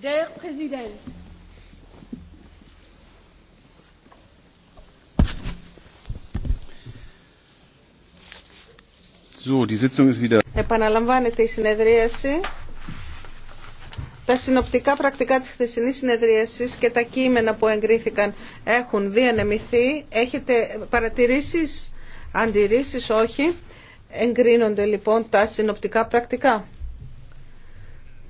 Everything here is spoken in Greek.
Der Επαναλαμβάνεται η συνεδρίαση. Τα συνοπτικά πρακτικά της χθεσινής συνεδρίασης και τα κείμενα που εγκρίθηκαν έχουν διανεμηθεί. Έχετε παρατηρήσεις, αντιρρήσεις, όχι. Εγκρίνονται λοιπόν τα συνοπτικά πρακτικά.